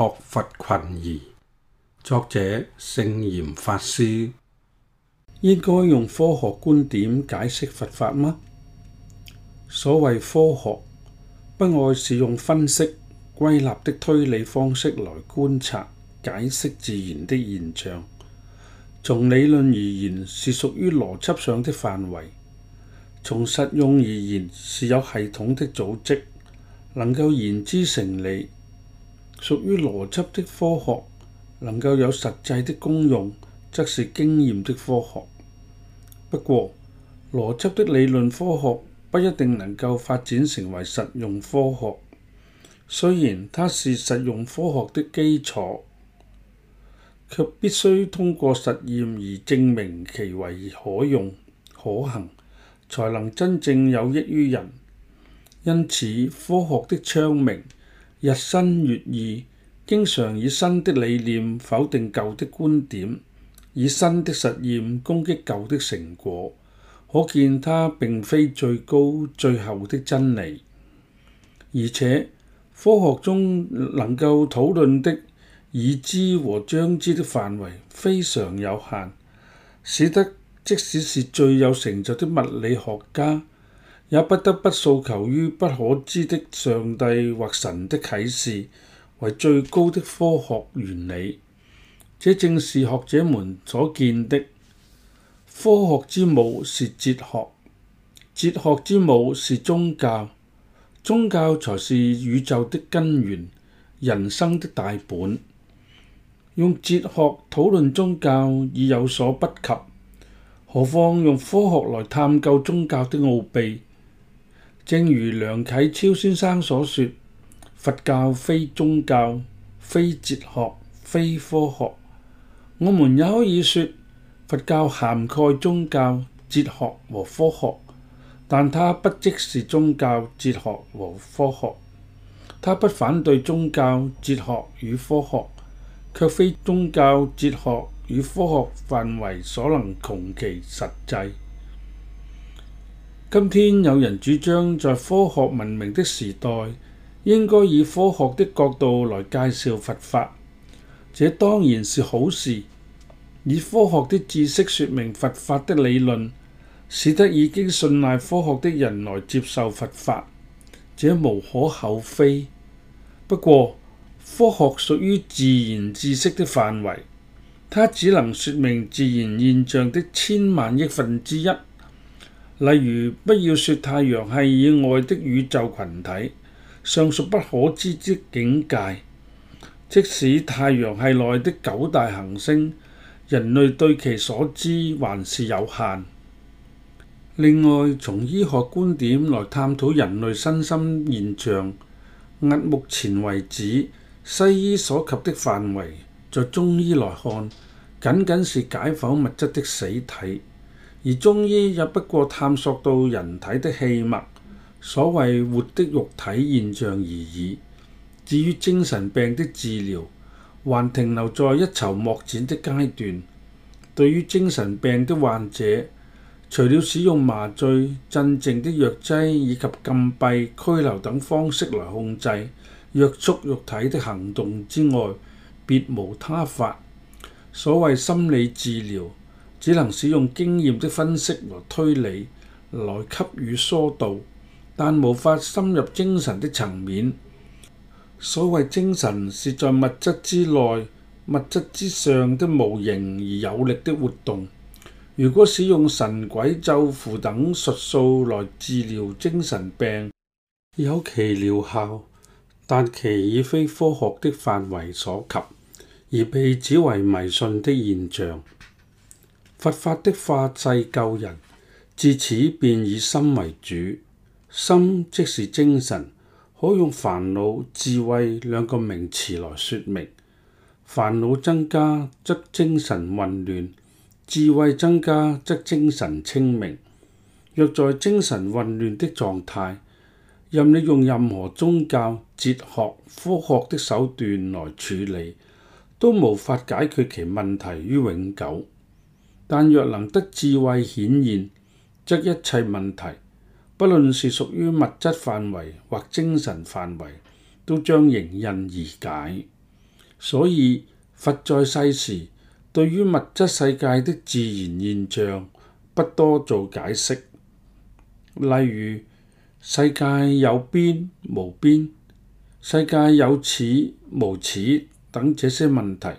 學佛群疑，作者聖嚴法師。應該用科學觀點解釋佛法嗎？所謂科學，不外是用分析、歸納的推理方式來觀察、解釋自然的現象。從理論而言，是屬於邏輯上的範圍；從實用而言，是有系統的組織，能夠言之成理。屬於邏輯的科學能夠有實際的功用，則是經驗的科學。不過，邏輯的理論科學不一定能夠發展成為實用科學。雖然它是實用科學的基礎，卻必須通過實驗而證明其為可用、可行，才能真正有益於人。因此，科學的昌明。日新月異，經常以新的理念否定舊的觀點，以新的實驗攻擊舊的成果，可見它並非最高最後的真理。而且科學中能夠討論的已知和將知的範圍非常有限，使得即使是最有成就的物理學家，也不得不訴求於不可知的上帝或神的啟示為最高的科學原理。這正是學者們所見的：科學之母是哲學，哲學之母是宗教，宗教才是宇宙的根源，人生的大本。用哲學討論宗教已有所不及，何況用科學來探究宗教的奧秘？正如梁啟超先生所說，佛教非宗教、非哲學、非科學，我們也可以說佛教涵蓋宗教、哲學和科學，但它不即是宗教、哲學和科學，它不反對宗教、哲學與科學，却非宗教、哲學與科學範圍所能窮其實際。今天有人主張在科學文明的時代，應該以科學的角度來介紹佛法，這當然是好事。以科學的知識説明佛法的理論，使得已經信賴科學的人來接受佛法，這無可厚非。不過，科學屬於自然知識的範圍，它只能説明自然現象的千萬億分之一。例如，不要說太陽系以外的宇宙群體尚屬不可知之境界，即使太陽系內的九大行星，人類對其所知還是有限。另外，從醫學觀點來探討人類身心現象，呃、目前為止，西醫所及的範圍，在中醫來看，僅僅是解剖物質的死體。而中醫也不過探索到人體的氣脈，所謂活的肉體現象而已。至於精神病的治療，還停留在一籌莫展的階段。對於精神病的患者，除了使用麻醉鎮靜的藥劑以及禁閉、拘留等方式來控制約束肉體的行動之外，別無他法。所謂心理治療，只能使用經驗的分析和推理來給予疏導，但無法深入精神的層面。所謂精神是在物質之內、物質之上的無形而有力的活動。如果使用神鬼咒符等術數來治療精神病，有其療效，但其已非科學的範圍所及，而被指為迷信的現象。佛法的化世救人，自此便以心為主。心即是精神，可用煩惱、智慧兩個名詞來說明。煩惱增加則精神混亂，智慧增加則精神清明。若在精神混亂的狀態，任你用任何宗教、哲學、科學的手段來處理，都無法解決其問題於永久。但若能得智慧顯現，則一切問題，不論是屬於物質範圍或精神範圍，都將迎刃而解。所以佛在世時，對於物質世界的自然現象不多做解釋，例如世界有邊無邊、世界有此無此等這些問題，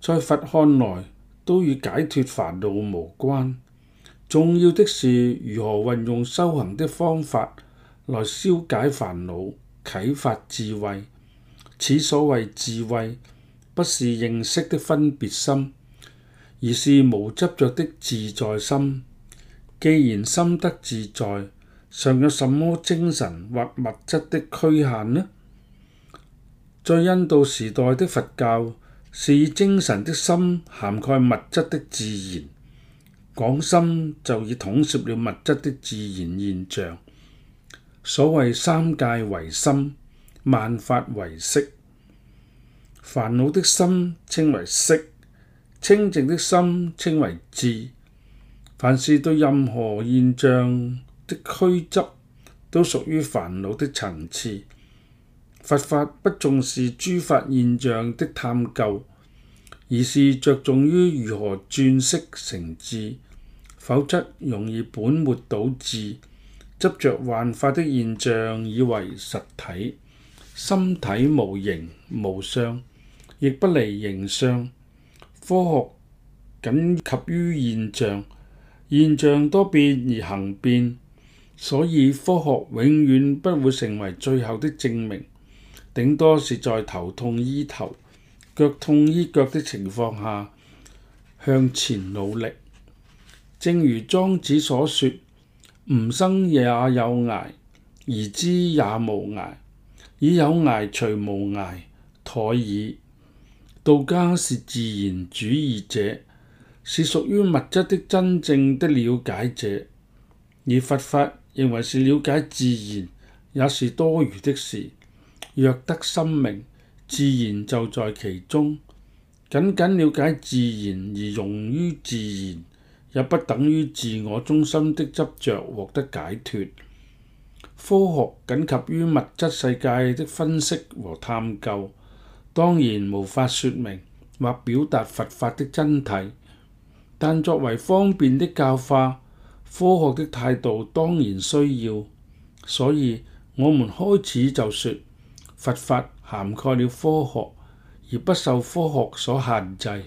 在佛看來，都與解脫煩惱無關，重要的是如何運用修行的方法來消解煩惱、啟發智慧。此所謂智慧，不是認識的分別心，而是無執著的自在心。既然心得自在，尚有什麼精神或物質的區限呢？在印度時代的佛教。是以精神的心涵蓋物質的自然，講心就以統攝了物質的自然現象。所謂三界唯心，萬法唯識，煩惱的心稱為識，清淨的心稱為智。凡是對任何現象的區則，都屬於煩惱的層次。佛法，法不重視諸法現象的探究，而是着重於如何轉識成智。否則容易本末倒置，執着幻化的現象以為實體。心體無形無相，亦不離形相。科學僅及於現象，現象多變而行變，所以科學永遠不會成為最後的證明。頂多是在頭痛醫頭、腳痛醫腳的情況下向前努力。正如莊子所說：「吾生也有涯，而知也無涯，以有涯隨無涯，殆矣。」道家是自然主義者，是屬於物質的真正的了解者，而佛法認為是了解自然，也是多餘的事。若得生命，自然就在其中。僅僅了解自然而用於自然，也不等於自我中心的執著獲得解脫。科學僅及於物質世界的分析和探究，當然無法說明或表達佛法的真諦。但作為方便的教化，科學的態度當然需要。所以我們開始就說。佛法涵蓋了科學，而不受科學所限制。